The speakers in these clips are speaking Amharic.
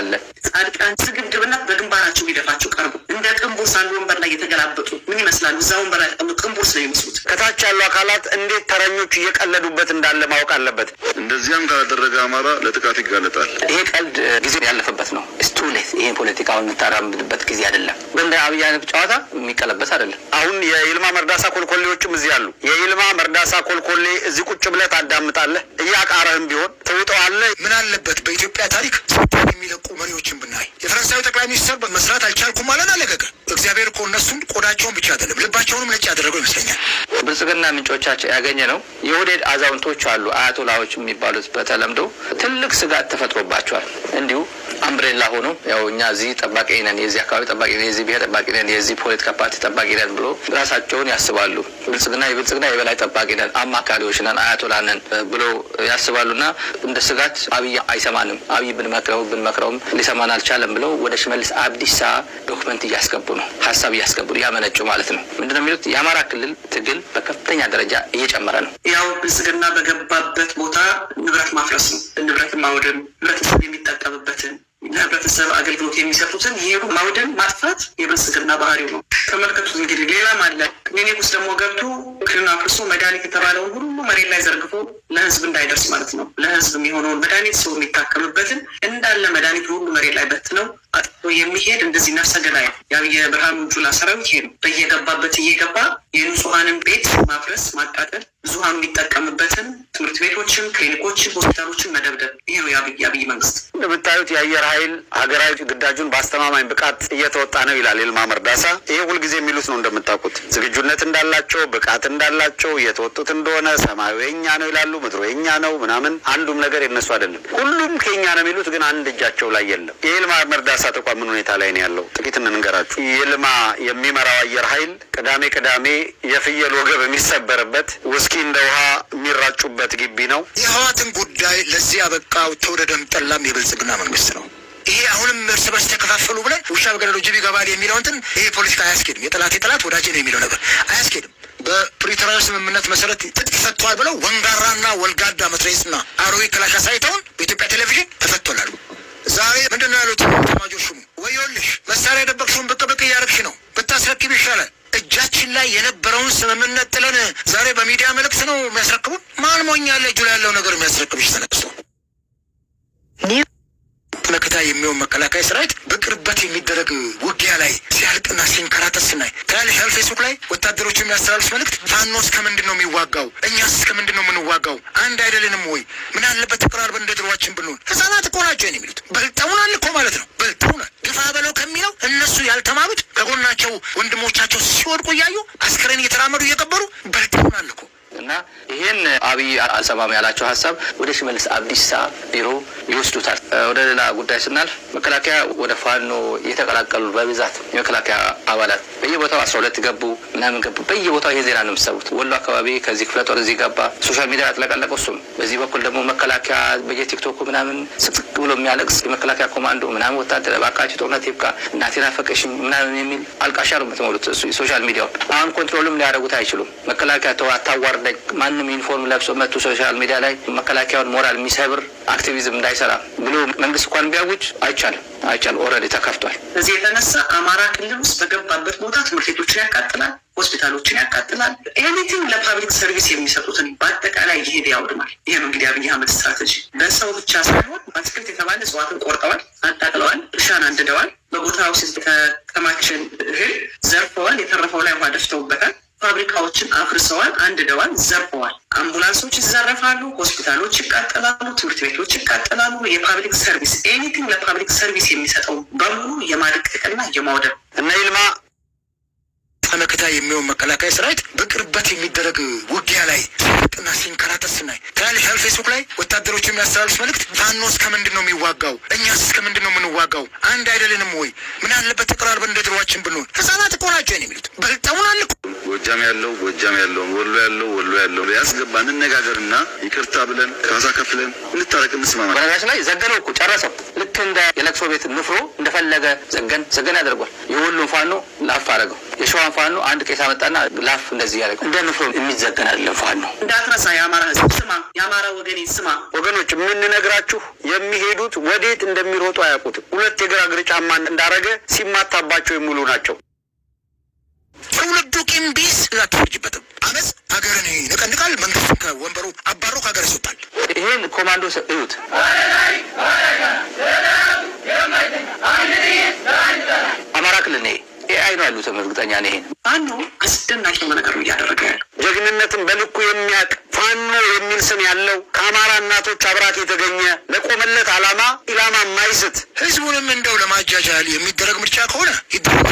አለ። ጻድቃን ስግብግብና በግንባራቸው ቢደፋቸው ቀርቡ እንደ ቅንቡርስ አንድ ወንበር ላይ የተገላበጡ ምን ይመስላሉ? እዛ ወንበር ላይ ተቀምጡ ቅንቡርስ ነው የሚመስሉት። ከታች ያሉ አካላት እንዴት ተረኞቹ እየቀለዱበት እንዳለ ማወቅ አለበት። እንደዚያም ካላደረገ አማራ ለጥቃት ይጋለጣል። ይሄ ቀልድ ጊዜ ያለፈበት ነው። ስቱሌት ይሄን ፖለቲካ የምታራምድበት ጊዜ አይደለም። በእንደ አብይ አይነት ጨዋታ የሚቀለበት አይደለም። አሁን የይልማ መርዳሳ ኮልኮሌዎችም እዚህ አሉ። የይልማ መርዳሳ ኮልኮሌ እዚህ ቁጭ ብለህ ታዳምጣለህ። እያቃረህም ቢሆን ትውጠዋለህ። ምን አለበት በኢትዮጵያ ታሪክ ነገሮችን ብናይ የፈረንሳዊ ጠቅላይ ሚኒስትር መስራት አልቻልኩም ማለት አለቀቀ። እግዚአብሔር እኮ እነሱን ቆዳቸውን ብቻ አይደለም ልባቸውንም ነጭ ያደረገው ይመስለኛል። ብልጽግና ምንጮቻቸው ያገኘ ነው። የወደድ አዛውንቶች አሉ፣ አያቶላዎች የሚባሉት በተለምዶ ትልቅ ስጋት ተፈጥሮባቸዋል። እንዲሁ አምብሬላ ሆኖ ያው እኛ እዚህ ጠባቂ ነን፣ የዚህ አካባቢ ጠባቂ ነን፣ የዚህ ብሔር ጠባቂ ነን፣ የዚህ ፖለቲካ ፓርቲ ጠባቂ ነን ብሎ ራሳቸውን ያስባሉ። ብልጽግና የብልጽግና የበላይ ጠባቂ ነን፣ አማካሪዎች ነን፣ አያቶላ ነን ብሎ ያስባሉና እንደ ስጋት አብይ አይሰማንም፣ አብይ ብንመክረው ብንመክረውም ሊሰማን አልቻለም ብለው ወደ ሽመልስ አብዲሳ ዶክመንት እያስገቡ ነው። ሀሳብ እያስገቡ ያመነጩ ማለት ነው። ምንድነው የሚሉት? የአማራ ክልል ትግል በከፍተኛ ደረጃ እየጨመረ ነው። ያው ብልጽግና በገባበት ቦታ ንብረት ማፍረስ ነው። ንብረት ማውደም ህብረተሰብ የሚጠቀምበትን ለህብረተሰብ አገልግሎት የሚሰጡትን ይሄዱ ማውደም ማጥፋት የብልጽግና ባህሪው ነው። ተመልከቱት እንግዲህ ሌላም አለ። ክሊኒክ ደግሞ ገብቶ ክልና ፍርሶ መድኃኒት የተባለውን ሁሉ መሬት ላይ ዘርግፎ ለህዝብ እንዳይደርስ ማለት ነው። ለህዝብ የሚሆነውን መድኃኒት ሰው የሚታከምበትን እንዳለ መድኃኒት ሁሉ መሬት ላይ በት ነው የሚሄድ እንደዚህ ነፍሰ ገዳይ ያው የብርሃኑ ጁላ ሰራዊት ይሄ ነው። በየገባበት እየገባ የንጹሀንን ቤት ማፍረስ ማቃጠል ብዙሀን የሚጠቀምበትን ትምህርት ቤቶችን፣ ክሊኒኮችን፣ ሆስፒታሎችን መደብደብ ይህ ነው የአብይ መንግስት። እንደምታዩት የአየር ኃይል ሀገራዊ ግዳጁን በአስተማማኝ ብቃት እየተወጣ ነው ይላል ይልማ መርዳሳ። ይሄ ሁልጊዜ የሚሉት ነው እንደምታውቁት፣ ዝግጁነት እንዳላቸው ብቃት እንዳላቸው እየተወጡት እንደሆነ ሰማዩ የኛ ነው ይላሉ፣ ምድሮ የኛ ነው ምናምን፣ አንዱም ነገር የነሱ አይደለም። ሁሉም ከኛ ነው የሚሉት ግን አንድ እጃቸው ላይ የለም። የይልማ መርዳሳ ተቋም ምን ሁኔታ ላይ ነው ያለው? ጥቂት እንንገራችሁ። ይልማ የሚመራው አየር ኃይል ቅዳሜ ቅዳሜ የፍየል ወገብ የሚሰበርበት ውስ እስኪ እንደ ውሃ የሚራጩበት ግቢ ነው። የህዋትን ጉዳይ ለዚህ አበቃው ተወደደም ጠላም የብልጽግና መንግስት ነው። ይሄ አሁንም እርስ በርስ ተከፋፈሉ ብለን ውሻ በገደሉ ጅብ ይገባል የሚለው እንትን ይሄ ፖለቲካ አያስኬድም። የጠላት የጠላት ወዳጅ ነው የሚለው ነገር አያስኬድም። በፕሪቶሪያ ስምምነት መሰረት ትጥቅ ፈቷል ብለው ወንጋራና ወልጋዳ መትረየስና አሮዊ ክላሽ አሳይተውን በኢትዮጵያ ቴሌቪዥን ተፈቶላሉ። ዛሬ ምንድን ነው ያሉት? ተማጆ ሹሙ ወዮልሽ መሳሪያ የደበቅሽውን ብቅ ብቅ እያረግሽ ነው ብታስረክብ ይሻላል እጃችን ላይ የነበረውን ስምምነት ጥለን ዛሬ በሚዲያ መልእክት ነው የሚያስረክቡን። ማን ሞኛለ? እጁ ላይ ያለው ነገር የሚያስረክብሽ ተነስቶ መከታ የሚሆን መከላከያ ሰራዊት በቅርበት የሚደረግ ውጊያ ላይ ሲያልቅና ሲንከራተት ስናይ ትላልሽ ያል ፌስቡክ ላይ ወታደሮች የሚያስተላልፍ መልእክት ፋኖ እስከ ምንድን ነው የሚዋጋው? እኛስ እስከ ምንድን ነው የምንዋጋው? አንድ አይደለንም ወይ? ምን አለበት ተቀራርበን እንደ ድሮዋችን ብንሆን? ህጻናት እኮ ናቸው የሚሉት በልጠውናል እኮ ማለት ነው። በልጠውናል ግፋ በለው ከሚለው እነሱ ያልተማሩት ከጎናቸው ወንድሞቻቸው ሲወድቁ እያዩ አስክሬን እየተራመዱ እየቀበሩ በልጠውናል እኮ እና ይሄን አብይ አልሰማም ያላቸው ሀሳብ ወደ ሽመልስ አብዲሳ ቢሮ ይወስዱታል። ወደ ሌላ ጉዳይ ስናልፍ መከላከያ ወደ ፋኖ የተቀላቀሉ በብዛት የመከላከያ አባላት በየቦታው አስራ ሁለት ገቡ ምናምን ገቡ። በየቦታው ይሄ ዜና ነው የምትሰቡት። ወሎ አካባቢ ከዚህ ክፍለ ጦር እዚህ ገባ፣ ሶሻል ሚዲያ ያጥለቀለቀው እሱም። በዚህ በኩል ደግሞ መከላከያ በየቲክቶኩ ምናምን ስቅስቅ ብሎ የሚያለቅስ የመከላከያ ኮማንዶ ምናምን ወታደር በአካቸው ጦርነት ይብቃ እናቴን አፈቀሽኝ ምናምን የሚል አልቃሻ ነው የምትሞሉት። ሶሻል ሚዲያው አሁን ኮንትሮልም ሊያደርጉት አይችሉም። መከላከያ ተዋር ላይ ማንም ዩኒፎርም ለብሶ መጥቶ ሶሻል ሚዲያ ላይ መከላከያውን ሞራል የሚሰብር አክቲቪዝም እንዳይሰራ ብሎ መንግስት እንኳን ቢያውጅ አይቻልም አይቻል ኦልሬዲ ተከፍቷል። እዚህ የተነሳ አማራ ክልል ውስጥ በገባበት ቦታ ትምህርት ቤቶችን ያቃጥላል፣ ሆስፒታሎችን ያቃጥላል። ኤኒቲንግ ለፓብሊክ ሰርቪስ የሚሰጡትን በአጠቃላይ ይሄድ ያውድማል። ይህ ነው እንግዲህ አብይ አህመድ ስትራቴጂ። በሰው ብቻ ሳይሆን አትክልት የተባለ እጽዋትን ቆርጠዋል፣ አጣቅለዋል፣ እርሻን አንድደዋል። በቦታ ውስጥ ከተማችን እህል ዘርፈዋል። የተረፈው ላይ ውሃ ደፍተውበታል። ፋብሪካዎችን አፍርሰዋል፣ አንድደዋል፣ ዘርፈዋል። አምቡላንሶች ይዘረፋሉ፣ ሆስፒታሎች ይቃጠላሉ፣ ትምህርት ቤቶች ይቃጠላሉ። የፓብሊክ ሰርቪስ ኤኒቲንግ ለፓብሊክ ሰርቪስ የሚሰጠው በሙሉ የማድቀቅና የማውደብ እና ይልማ መከታ የሚሆን መከላከያ ሰራዊት በቅርበት የሚደረግ ውጊያ ላይ ሲርቅና ሲንከራተት ስናይ ያል ፌስቡክ ላይ ወታደሮች የሚያስተላልፉት መልእክት ፋኖ እስከ ምንድን ነው የሚዋጋው? እኛስ እስከ ምንድን ነው የምንዋጋው? አንድ አይደለንም ወይ? ምን አለበት ተቀራርበን እንደ ድሮዋችን ብንሆን? ህጻናት እኮ ናቸው ን የሚሉት በልጠውን አለ ጎጃም ያለው ጎጃም ያለው ወሎ ያለው ወሎ ያለው ያስገባ እንነጋገርና ይቅርታ ብለን ካሳ ከፍለን እንታረቅ፣ እንስማማ። በነገራችን ላይ ዘገነው እኮ ጨረሰው። ልክ እንደ የለቅሶ ቤት ንፍሮ እንደፈለገ ዘገን ዘገን ያደርጓል። የወሉን ፋኖ ላፍ አረገው። የሸዋን ፋኖ አንድ ቄስ አመጣና ላፍ እንደዚህ ያለ እንደ ንፍሮ የሚዘገናለን ፋኖ እንዳትረሳ። የአማራ ህዝብ ስማ፣ የአማራ ወገኔ ስማ። ወገኖች የምንነግራችሁ የሚሄዱት ወዴት እንደሚሮጡ አያውቁትም። ሁለት የግራ እግር ጫማ እንዳረገ ሲማታባቸው የሙሉ ናቸው። ትውልዱ ቂም ቢስ አትፈርጅበትም። አመፅ ሀገርን ይነቀንቃል፣ መንግስት ከወንበሩ አባሮ ከሀገር ይስወጣል። ይሄን ኮማንዶ እዩት። ያሉትም እርግጠኛ ነኝ። አንዱ አስደናቂ የሆነ ነገር እያደረገ ያለው ጀግንነትን በልኩ የሚያውቅ ማን የሚል ስም ያለው ከአማራ እናቶች አብራት የተገኘ ለቆመለት ዓላማ ኢላማ ማይስት ህዝቡንም እንደው ለማጃጃል የሚደረግ ምርጫ ከሆነ ይደረግ።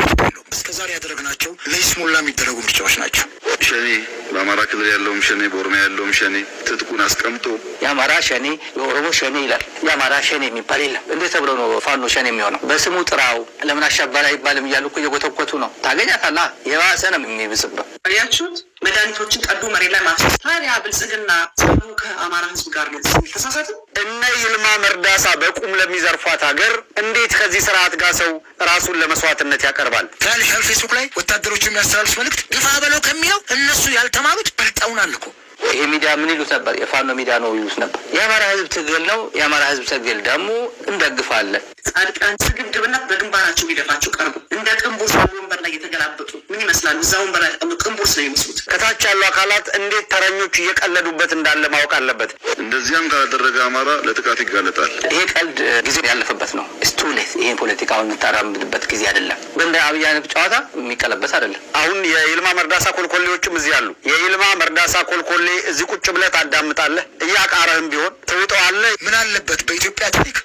እስከዛሬ ያደረግናቸው ለይስሙላ የሚደረጉ ምርጫዎች ናቸው። ሸኔ በአማራ ክልል ያለውም ሸኔ፣ በኦሮሚያ ያለውም ሸኔ ትጥቁን አስቀምጦ የአማራ ሸኔ የኦሮሞ ሸኔ ይላል። የአማራ ሸኔ የሚባል የለም። እንዴት ተብሎ ነው ፋኖ ሸኔ የሚሆነው? በስሙ ጥራው። ለምን አሸባሪ አይባልም እያሉ እኮ ነው። ታገኛታላ የባሰ ነው የሚብስበት አያችሁት? መድኃኒቶችን ቀዱ መሬት ላይ ማፍሰስ። ታዲያ ብልጽግና ሰሩ ከአማራ ህዝብ ጋር ነው ተሳሳቱ። እነ ይልማ መርዳሳ በቁም ለሚዘርፏት ሀገር እንዴት ከዚህ ስርዓት ጋር ሰው ራሱን ለመስዋዕትነት ያቀርባል? ትናንሻል ፌስቡክ ላይ ወታደሮቹ የሚያስተላልፉት መልእክት ግፋ በለው ከሚለው እነሱ ያልተማሩት በልጠውን አልኩ ይሄ ሚዲያ ምን ይሉት ነበር? የፋኖ ሚዲያ ነው ይሉት ነበር። የአማራ ህዝብ ትግል ነው። የአማራ ህዝብ ትግል ደግሞ እንደግፋለን። ጻድቃን ስግብግብና በግንባራቸው ሊደፋቸው ቀርቡ እንደ ቅንቡር ወንበር ላይ የተገላበጡ ምን ይመስላሉ? እዛ ወንበር ላይ ተቀምጡ ቅንቡር ነው ይመስሉት። ከታች ያሉ አካላት እንዴት ተረኞቹ እየቀለዱበት እንዳለ ማወቅ አለበት። እንደዚያም ካላደረገ አማራ ለጥቃት ይጋለጣል። ይሄ ቀልድ ጊዜ ያለፈበት ነው። ስቱሌት ይሄ ፖለቲካውን የምታራምድበት ጊዜ አይደለም። በእንደ አብይ አይነት ጨዋታ የሚቀለበት አይደለም። አሁን የይልማ መርዳሳ ኮልኮሌዎችም እዚህ አሉ። የይልማ መርዳሳ ኮልኮሌ እዚህ ቁጭ ብለህ ታዳምጣለህ። እያቃረህም ቢሆን ትውጠዋለህ። ምን አለበት በኢትዮጵያ ታሪክ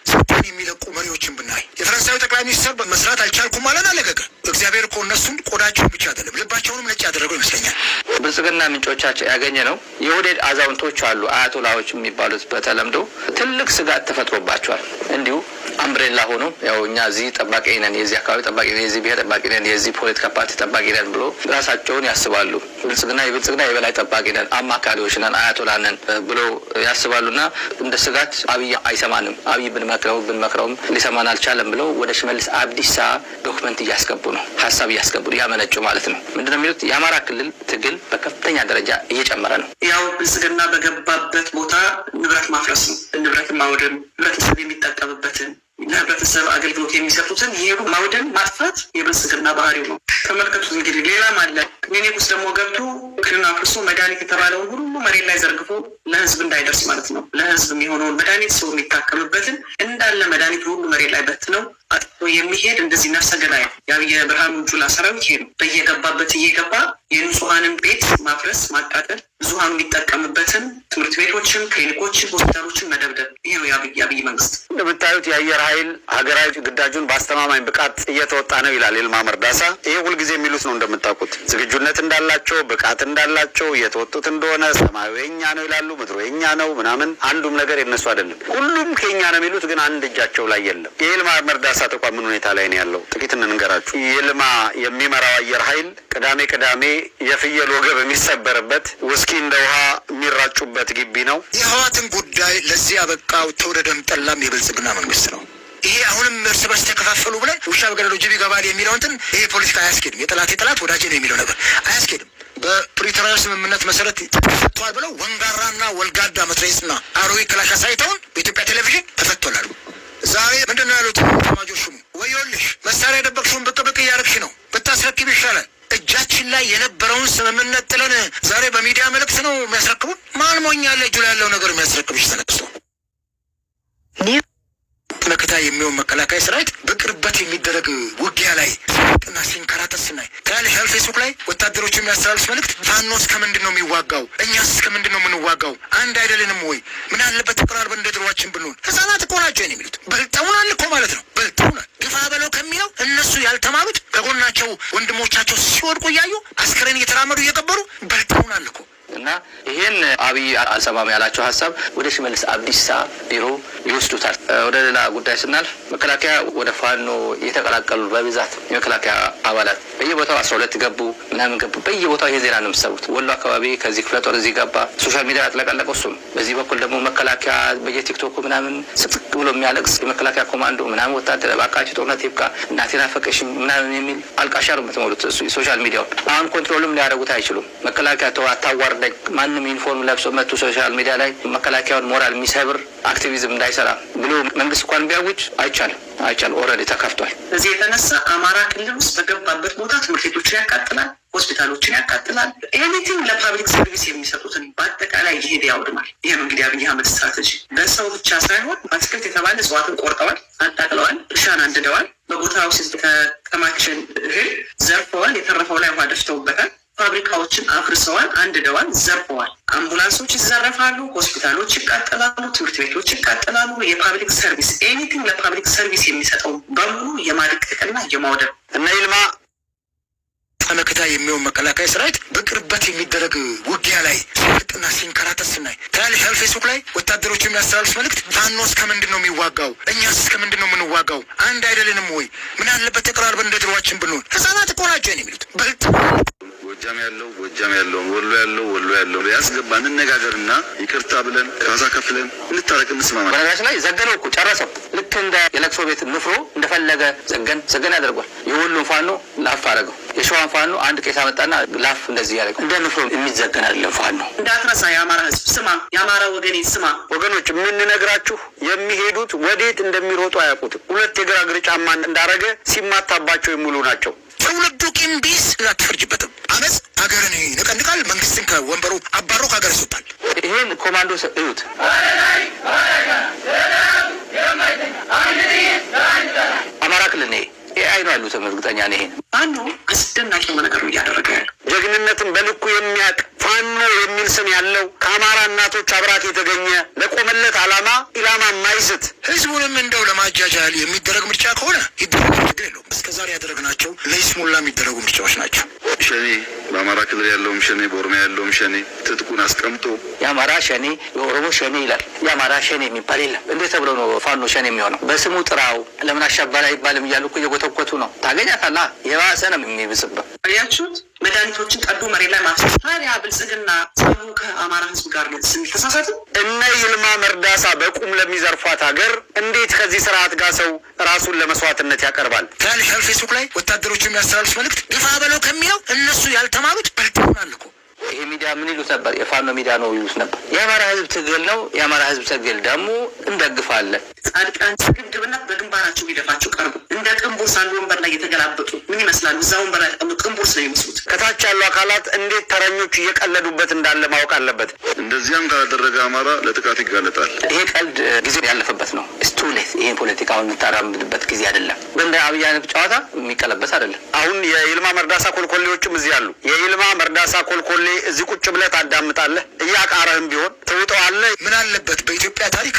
ሀገራትን የሚለቁ መሪዎችን ብናይ የፈረንሳዩ ጠቅላይ ሚኒስትር መስራት አልቻልኩም ማለት አለቀቀ። እግዚአብሔር እኮ እነሱን ቆዳቸውን ብቻ አይደለም ልባቸውንም ነጭ ያደረገው ይመስለኛል። ብልጽግና ምንጮቻቸው ያገኘ ነው። የወደድ አዛውንቶች አሉ አያቶላዎች የሚባሉት በተለምዶ ትልቅ ስጋት ተፈጥሮባቸዋል እንዲሁ አምብሬላ ሆኖ ያው እኛ እዚህ ጠባቂ ነን፣ የዚህ አካባቢ ጠባቂ ነን፣ የዚህ ብሄር ጠባቂ ነን፣ የዚህ ፖለቲካ ፓርቲ ጠባቂ ነን ብሎ ራሳቸውን ያስባሉ። ብልጽግና የብልጽግና የበላይ ጠባቂ ነን፣ አማካሪዎች ነን፣ አያቶላ ነን ብሎ ያስባሉና እንደ ስጋት አብይ አይሰማንም፣ አብይ ብንመክረው ብንመክረውም ሊሰማን አልቻለም ብለው ወደ ሽመልስ አብዲሳ ዶክመንት እያስገቡ ነው፣ ሀሳብ እያስገቡ እያመነጩ ማለት ነው። ምንድነው የሚሉት? የአማራ ክልል ትግል በከፍተኛ ደረጃ እየጨመረ ነው። ያው ብልጽግና በገባበት ቦታ ንብረት ማፍረስ ነው፣ ንብረት ማውደም፣ ህብረተሰብ የሚጠቀምበትን ለህብረተሰብ አገልግሎት የሚሰጡትን ይሄዱ ማውደም ማጥፋት የብልጽግና ባህሪው ነው። ተመልከቱት እንግዲህ ሌላም አለ። ክሊኒክ ውስጥ ደግሞ ገብቶ ክልና ፍርሶ መድኃኒት የተባለውን ሁሉ መሬት ላይ ዘርግፎ ለህዝብ እንዳይደርስ ማለት ነው። ለህዝብ የሚሆነውን መድኃኒት ሰው የሚታከምበትን እንዳለ መድኃኒት ሁሉ መሬት ላይ በት ነው አጥፎ የሚሄድ እንደዚህ ነፍሰ ገዳይ ያው የብርሃኑ ጁላ ሰራዊት ይሄ ነው። በየገባበት እየገባ የንጹሀንን ቤት ማፍረስ ማቃጠል፣ ብዙሀኑ የሚጠቀምበትን ትምህርት ቤቶችን፣ ክሊኒኮችን፣ ሆስፒታሎችን መደብደብ ይሄ ነው የአብይ መንግስት እንደምታዩት የአየር ኃይል ሀገራዊ ግዳጁን በአስተማማኝ ብቃት እየተወጣ ነው ይላል ይልማ መርዳሳ። ይሄ ሁልጊዜ የሚሉት ነው እንደምታውቁት። ዝግጁነት እንዳላቸው ብቃት እንዳላቸው እየተወጡት እንደሆነ ሰማዩ የኛ ነው ይላሉ፣ ምድሩ የኛ ነው ምናምን፣ አንዱም ነገር የነሱ አይደለም። ሁሉም ከኛ ነው የሚሉት፣ ግን አንድ እጃቸው ላይ የለም። የይልማ መርዳሳ ተቋም ምን ሁኔታ ላይ ነው ያለው? ጥቂት እንንገራችሁ። ይልማ የሚመራው አየር ኃይል ቅዳሜ ቅዳሜ የፍየል ወገብ የሚሰበርበት ውስኪ እንደ ውሃ የሚራጩበት ግቢ ነው። የህዋትን ጉዳይ ለዚህ አበቃው ተውደደም ጠላም የብልጽግና መንግስት ነው። ይሄ አሁንም እርስ በርስ ተከፋፈሉ ብለን ውሻ በገደሉ ጅብ ይገባል የሚለው እንትን ይሄ ፖለቲካ አያስኬድም። የጠላት የጠላት ወዳጅ ነው የሚለው ነገር አያስኬድም። በፕሪቶሪያ ስምምነት መሰረት ተፈቷል ብለው ወንጋራና ወልጋዳ መትረየስና አሮዊ ክላሽ አሳይተውን በኢትዮጵያ ቴሌቪዥን ተፈቶላሉ። ዛሬ ምንድን ነው ያሉት? ተማጆች ሹሙ ወዮልሽ፣ መሳሪያ የደበቅሽውን ብቅ ብቅ እያደረግሽ ነው፣ ብታስረክብ ይሻላል። እጃችን ላይ የነበረውን ስምምነት ጥለን ዛሬ በሚዲያ መልእክት ነው የሚያስረክቡን። ማን ሞኛለ? እጁ ላይ ያለው ነገር የሚያስረክብሽ ተነቅሶ መከታ የሚሆን መከላከያ ሰራዊት በቅርበት የሚደረግ ውጊያ ላይ ሲወጥና ሲንከራተት ስናይ ትናንሽ ፌስቡክ ላይ ወታደሮች የሚያስተላልፍ መልእክት ፋኖ እስከ ምንድን ነው የሚዋጋው? እኛስ እስከ ምንድን ነው የምንዋጋው? አንድ አይደለንም ወይ? ምን አለበት ተቀራርበን እንደ ድሯችን ብንሆን? ህጻናት እኮ ናቸው የሚሉት በልጠውናል እኮ ማለት ነው። በልጠውናል ግፋ በለው ከሚለው እነሱ ያልተማሩት ከጎናቸው ወንድሞቻቸው ሲወድቁ እያዩ አስክሬን እየተራመዱ እየቀበሩ በልጠውናል እኮ እና ይሄን አብይ አልሰማም ያላቸው ሀሳብ ወደ ሽመልስ አብዲሳ ቢሮ ይወስዱታል። ወደ ሌላ ጉዳይ ስናልፍ መከላከያ ወደ ፋኖ የተቀላቀሉ በብዛት የመከላከያ አባላት በየቦታው አስራ ሁለት ገቡ ምናምን ገቡ። በየቦታው ይሄ ዜና ነው የምትሰሩት። ወሎ አካባቢ ከዚህ ክፍለ ጦር እዚህ ገባ፣ ሶሻል ሚዲያ ያጥለቀለቀው እሱም። በዚህ በኩል ደግሞ መከላከያ በየቲክቶኩ ምናምን ስጥቅ ብሎ የሚያለቅስ የመከላከያ ኮማንዶ ምናምን ወታደር በአካቸ ጦርነት ይብቃ እናቴን አፈቀሽ ምናምን የሚል አልቃሻ ነው የምትሞሉት ሶሻል ሚዲያው። አሁን ኮንትሮልም ሊያደርጉት አይችሉም። መከላከያ አታዋር ላይ ማንም ዩኒፎርም ለብሶ መቶ ሶሻል ሚዲያ ላይ መከላከያውን ሞራል የሚሰብር አክቲቪዝም እንዳይሰራ ብሎ መንግስት እንኳን ቢያውጅ አይቻልም አይቻል ኦልሬዲ ተከፍቷል። እዚህ የተነሳ አማራ ክልል ውስጥ በገባበት ቦታ ትምህርት ቤቶችን ያቃጥላል፣ ሆስፒታሎችን ያቃጥላል። ኤኒቲንግ ለፓብሊክ ሰርቪስ የሚሰጡትን በአጠቃላይ ይሄድ ያውድማል። ይሄ እንግዲህ አብይ አህመድ ስትራቴጂ። በሰው ብቻ ሳይሆን አትክልት የተባለ እጽዋትን ቆርጠዋል፣ አጣቅለዋል፣ እርሻን አንድደዋል። በቦታ ውስጥ የተከማችን እህል ዘርፈዋል። የተረፈው ላይ ውሃ ደፍተውበታል። ፋብሪካዎችን አፍርሰዋል፣ አንድደዋል፣ ዘርፈዋል። አምቡላንሶች ይዘረፋሉ፣ ሆስፒታሎች ይቃጠላሉ፣ ትምህርት ቤቶች ይቃጠላሉ። የፓብሊክ ሰርቪስ ኤኒቲንግ ለፓብሊክ ሰርቪስ የሚሰጠው በሙሉ የማድቀቅና የማውደም እና ይልማ ተመክታ የሚሆን መከላከያ ሰራዊት በቅርበት የሚደረግ ውጊያ ላይ ሲወርቅና ሲንከራተት ስናይ ትናንሻል ፌስቡክ ላይ ወታደሮች የሚያስተላልፍ መልእክት ፋኖ እስከ ምንድን ነው የሚዋጋው? እኛስ እስከ ምንድን ነው የምንዋጋው? አንድ አይደለንም ወይ? ምን አለበት ተቀራርበን እንደ ድሮዋችን ብንሆን? ህጻናት እኮ ናቸው የሚሉት በልጥ ጎጃም ያለው ጎጃም ያለው ወሎ ያለው ወሎ ያለው ያስገባ እንነጋገርና ይቅርታ ብለን ካሳ ከፍለን እንታረቅ እንስማማ። በነገራችን ላይ ዘገነው እኮ ጨረሰው። ልክ እንደ የለቅሶ ቤት ንፍሮ እንደፈለገ ዘገን ዘገን ያደርጓል። የወሎን ፋኖ ላፍ አረገው፣ የሸዋን ፋኖ አንድ ቄስ አመጣና ላፍ እንደዚህ ያደረገው። እንደ ንፍሮ የሚዘገን አይደለም ፋኖ። እንዳትረሳ የአማራ ህዝብ ስማ፣ የአማራ ወገኔ ስማ። ወገኖች የምንነግራችሁ የሚሄዱት ወዴት እንደሚሮጡ አያውቁትም። ሁለት የግራ እግር ጫማ እንዳረገ ሲማታባቸው የሙሉ ናቸው። ትውልዱ ቂም ቢስ አትፈርጅበትም። አመፅ ሀገርን ይነቀንቃል፣ መንግስትን ከወንበሩ አባሮ ከሀገር ይስወጣል። ይህን ኮማንዶ እዩት። አማራ ክልል ነ ኤአይ ነው እርግጠኛ ነኝ። ይሄን አንዱ አስደናቂ ነገር እያደረገ ጀግንነትን በልኩ የሚያውቅ ፋኖ የሚል ስም ያለው ከአማራ እናቶች አብራክ የተገኘ ለቆመለት ዓላማ ኢላማ ማይስት ህዝቡንም እንደው ለማጃጃል የሚደረግ ምርጫ ከሆነ ይደረግ፣ ችግር የለውም። እስከዛሬ ያደረግናቸው ለይስሙላ የሚደረጉ ምርጫዎች ናቸው። ሸኔ በአማራ ክልል ያለውም ሸኔ በኦሮሚያ ያለውም ሸኔ ትጥቁን አስቀምጦ የአማራ ሸኔ የኦሮሞ ሸኔ ይላል። የአማራ ሸኔ የሚባል የለም። እንዴት ተብሎ ነው ፋኖ ሸኔ የሚሆነው? በስሙ ጥራው። ለምን አሻባሪ አይባልም እያሉ እኮ እየጎተጎቱ ነው። ታገኛታላ። የባሰ ነው የሚብስበት። ያችሁት መድኃኒቶችን ቀዱ መሬት ላይ ማፍሰስ ብልጽግና ጸቡ ከአማራ ህዝብ ጋር ነው ስንተሳሳትም እነ ይልማ መርዳሳ በቁም ለሚዘርፏት ሀገር እንዴት ከዚህ ስርዓት ጋር ሰው ራሱን ለመስዋዕትነት ያቀርባል? ዛሬ ፌስቡክ ላይ ወታደሮቹ የሚያስተላልፉት መልእክት ግፋ በለው ከሚለው እነሱ ያልተማሩት በልቶናል እኮ ይሄ ሚዲያ ምን ይሉት ነበር? የፋኖ ሚዲያ ነው ይሉት ነበር። የአማራ ህዝብ ትግል ነው። የአማራ ህዝብ ትግል ደግሞ እንደግፋለን። ጻድቃን ግድብና በግንባራቸው ሊደፋቸው ቀርቡ እንደ ቅንቡርስ አንድ ወንበር ላይ የተገላበጡ ምን ይመስላሉ? እዛ ወንበር ላይ ያሉ ቅንቡርስ ነው የሚመስሉት። ከታች ያሉ አካላት እንዴት ተረኞቹ እየቀለዱበት እንዳለ ማወቅ አለበት። እንደዚያም ካላደረገ አማራ ለጥቃት ይጋለጣል። ይሄ ቀልድ ጊዜ ያለፈበት ነው። ስቱሌት ይሄ ፖለቲካ የምታራምድበት ጊዜ አይደለም። እንደ አብይ አይነት ጨዋታ የሚቀለበት አይደለም። አሁን የይልማ መርዳሳ ኮልኮሌዎችም እዚህ አሉ። የይልማ መርዳሳ ኮልኮሌ እዚህ ቁጭ ብለህ ታዳምጣለህ። እያቃረህም ቢሆን ትውጠዋለህ። ምን አለበት በኢትዮጵያ ታሪክ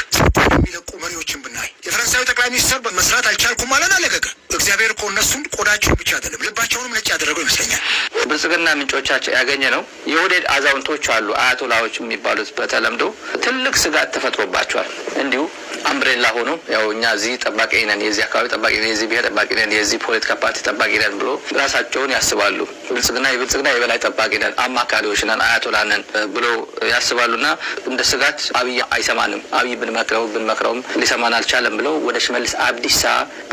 የሚለቁ መሪዎችን ብናይ የፈረንሳዊ ጠቅላይ ሚኒስትር መስራት አልቻልኩም ማለት አለ ተለቀቀ። እግዚአብሔር እኮ እነሱን ቆዳቸውን ብቻ አይደለም ልባቸውንም ነጭ ያደረገው ይመስለኛል። ብልጽግና ምንጮቻቸው ያገኘ ነው። የወደድ አዛውንቶች አሉ አያቶላዎች የሚባሉት በተለምዶ ትልቅ ስጋት ተፈጥሮባቸዋል እንዲሁ አምብሬላ ሆኖ ያው እኛ እዚህ ጠባቂ ነን፣ የዚህ አካባቢ ጠባቂ ነን፣ የዚህ ብሄር ጠባቂ ነን፣ የዚህ ፖለቲካ ፓርቲ ጠባቂ ነን ብሎ ራሳቸውን ያስባሉ። ብልጽግና የብልጽግና የበላይ ጠባቂ ነን፣ አማካሪዎች ነን፣ አያቶላ ነን ብሎ ያስባሉና እንደ ስጋት አብይ አይሰማንም፣ አብይ ብንመክረው ብንመክረውም ሊሰማን አልቻለም ብለው ወደ ሽመልስ አብዲሳ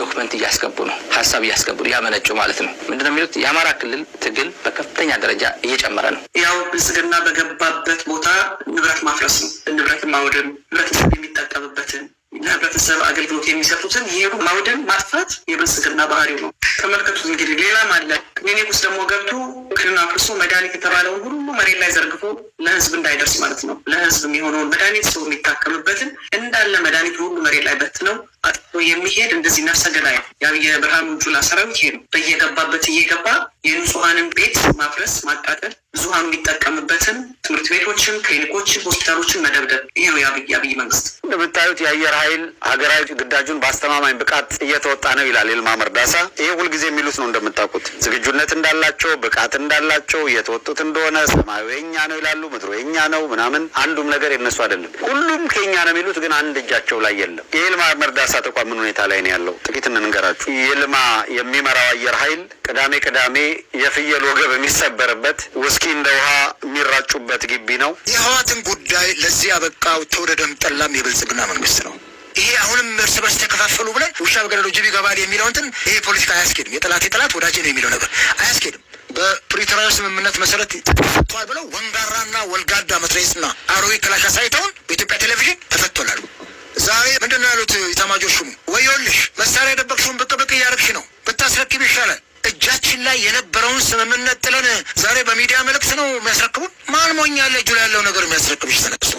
ዶክመንት እያስገቡ ነው፣ ሀሳብ እያስገቡ ያመነጩ ማለት ነው። ምንድነው የሚሉት? የአማራ ክልል ትግል በከፍተኛ ደረጃ እየጨመረ ነው። ያው ብልጽግና በገባበት ቦታ ንብረት ማፍረስ ነው፣ ንብረት ማውደም፣ ንብረት የሚጠቀምበትን ለህብረተሰብ አገልግሎት የሚሰጡትን ይሄዱ ማውደም ማጥፋት የብልጽግና ባህሪው ነው። ተመልከቱት እንግዲህ ሌላም አለ። ክሊኒክ ውስጥ ደግሞ ገብቶ ክልና ፍርሶ መድኃኒት የተባለውን ሁሉ መሬት ላይ ዘርግፎ ለህዝብ እንዳይደርስ ማለት ነው። ለህዝብ የሚሆነውን መድኃኒት ሰው የሚታከምበትን እንዳለ መድኃኒት ሁሉ መሬት ላይ በት ነው አጥቶ የሚሄድ እንደዚህ ነፍሰ ገዳይ የብርሃኑ ጁላ ሰራዊት ይሄ ነው በየገባበት እየገባ የንጹሐንን ቤት ማፍረስ፣ ማቃጠል፣ ብዙሀኑ የሚጠቀምበትን ትምህርት ቤቶችን፣ ክሊኒኮችን፣ ሆስፒታሎችን መደብደብ። ይህ ነው የአብይ መንግስት። እንደምታዩት የአየር ኃይል ሀገራዊ ግዳጁን በአስተማማኝ ብቃት እየተወጣ ነው ይላል ይልማ መርዳሳ። ይሄ ሁልጊዜ የሚሉት ነው እንደምታውቁት። ዝግጁነት እንዳላቸው ብቃት እንዳላቸው እየተወጡት እንደሆነ ሰማዩ የኛ ነው ይላሉ፣ ምድሩ የኛ ነው ምናምን፣ አንዱም ነገር የነሱ አይደለም። ሁሉም ከኛ ነው የሚሉት፣ ግን አንድ እጃቸው ላይ የለም። የይልማ መርዳሳ ተቋም ምን ሁኔታ ላይ ነው ያለው? ጥቂት እንንገራችሁ። ይልማ የሚመራው አየር ኃይል ቅዳሜ ቅዳሜ የፍየል ወገብ የሚሰበርበት ውስኪ እንደ ውሃ የሚራጩበት ግቢ ነው። የህዋትን ጉዳይ ለዚህ ያበቃው ተወደደም ጠላም የብልጽግና መንግስት ነው። ይሄ አሁንም እርስ በርስ ተከፋፈሉ ብለን ውሻ በገደሉ ጅብ ይገባል የሚለው እንትን ይሄ ፖለቲካ አያስኬድም። የጠላት የጠላት ወዳጅ ነው የሚለው ነገር አያስኬድም። በፕሪቶሪያ ስምምነት መሰረት ተፈቷል ብለው ወንጋራና ወልጋዳ መትረየስና አሮዊ ክላሽ አሳይተውን በኢትዮጵያ ቴሌቪዥን ተፈቶላሉ። ዛሬ ምንድን ነው ያሉት? ኢታማጆር ሹሙ ወዮልሽ፣ መሳሪያ የደበቅሽውን ብቅ ብቅ እያረግሽ ነው፣ ብታስረክብ ይሻላል። እጃችን ላይ የነበረውን ስምምነት ጥለን ዛሬ በሚዲያ መልእክት ነው የሚያስረክቡን። ማን ሞኛለ? እጁ ላይ ያለው ነገር የሚያስረክብሽ ተነሱ